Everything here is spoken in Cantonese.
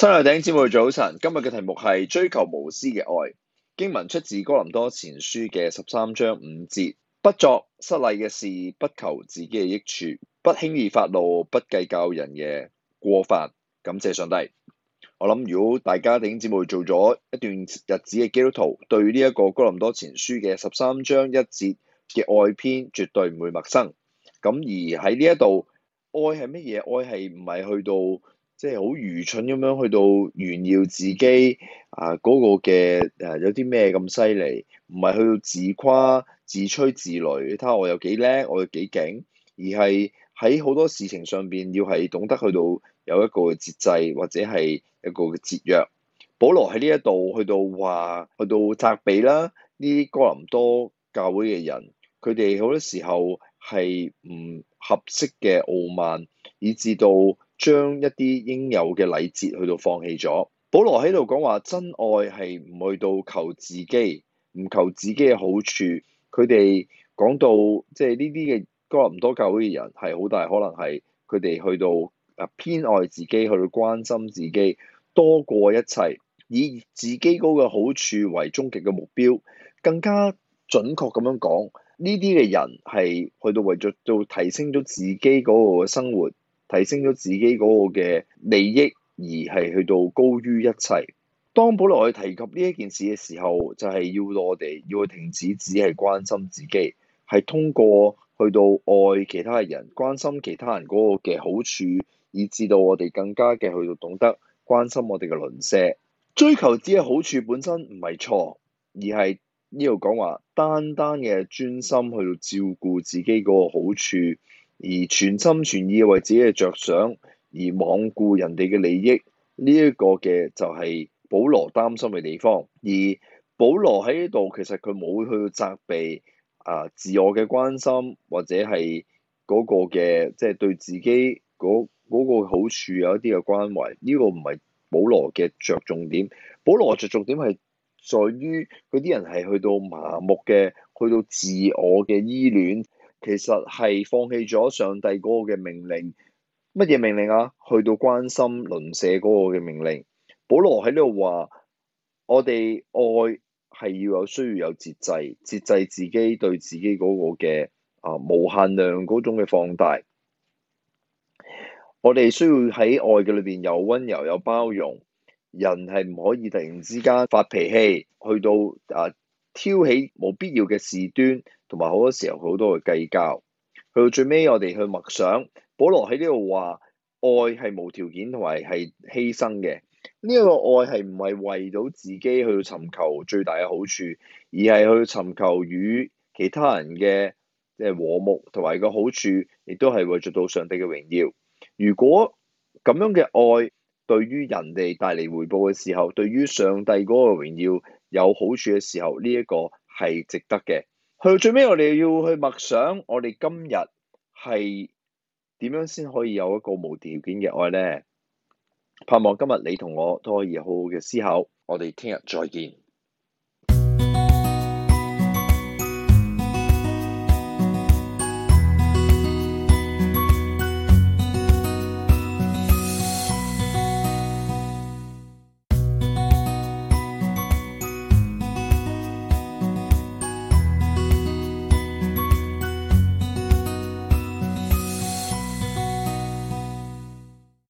親愛的弟兄姊妹早晨，今日嘅題目係追求無私嘅愛，經文出自哥林多前書嘅十三章五節，不作失禮嘅事，不求自己嘅益處，不輕易發怒，不計較人嘅過犯。感謝上帝，我諗如果大家弟兄姊妹做咗一段日子嘅基督徒，對呢一個哥林多前書嘅十三章一節嘅愛篇絕對唔會陌生。咁而喺呢一度，愛係乜嘢？愛係唔係去到？即係好愚蠢咁樣去到炫耀自己啊！嗰、那個嘅誒、啊、有啲咩咁犀利？唔係去到自誇、自吹自擂，你睇下我有幾叻，我有幾勁，而係喺好多事情上邊要係懂得去到有一個節制，或者係一個嘅節約。保羅喺呢一度去到話，去到責備啦呢啲哥林多教會嘅人，佢哋好多時候係唔合適嘅傲慢，以致到。將一啲應有嘅禮節去到放棄咗。保羅喺度講話，真愛係唔去到求自己，唔求自己嘅好處。佢哋講到即係呢啲嘅哥林多教會嘅人係好大可能係佢哋去到啊偏愛自己，去到關心自己多過一切，以自己嗰個好處為終極嘅目標。更加準確咁樣講，呢啲嘅人係去到為咗到提升咗自己嗰個生活。提升咗自己嗰個嘅利益，而係去到高於一切。當保羅去提及呢一件事嘅時候，就係、是、要我哋要停止只係關心自己，係通過去到愛其他人、關心其他人嗰個嘅好處，以至到我哋更加嘅去到懂得關心我哋嘅鄰舍。追求自己嘅好處本身唔係錯，而係呢度講話單單嘅專心去到照顧自己嗰個好處。而全心全意為自己嘅着想，而罔顧人哋嘅利益，呢一個嘅就係保羅擔心嘅地方。而保羅喺呢度其實，佢冇去責備啊自我嘅關心，或者係嗰個嘅即係對自己嗰嗰個好處有一啲嘅關懷，呢個唔係保羅嘅着重點，保羅着重點係在於嗰啲人係去到麻木嘅，去到自我嘅依戀。其實係放棄咗上帝嗰個嘅命令，乜嘢命令啊？去到關心鄰舍嗰個嘅命令。保羅喺呢度話：我哋愛係要有需要有節制，節制自己對自己嗰個嘅啊無限量嗰種嘅放大。我哋需要喺愛嘅裏邊有温柔有包容，人係唔可以突然之間發脾氣，去到啊挑起冇必要嘅事端。同埋好多時候，好多嘅計較。去到最尾，我哋去默想，保羅喺呢度話：愛係無條件同埋係犧牲嘅。呢一個愛係唔係為到自己去尋求最大嘅好處，而係去尋求與其他人嘅誒和睦同埋個好處，亦都係為咗到上帝嘅榮耀。如果咁樣嘅愛對於人哋帶嚟回報嘅時候，對於上帝嗰個榮耀有好處嘅時候，呢一個係值得嘅。去最尾我哋要去默想，我哋今日係點樣先可以有一個無條件嘅愛咧？盼望今日你同我都可以好好嘅思考，我哋聽日再見。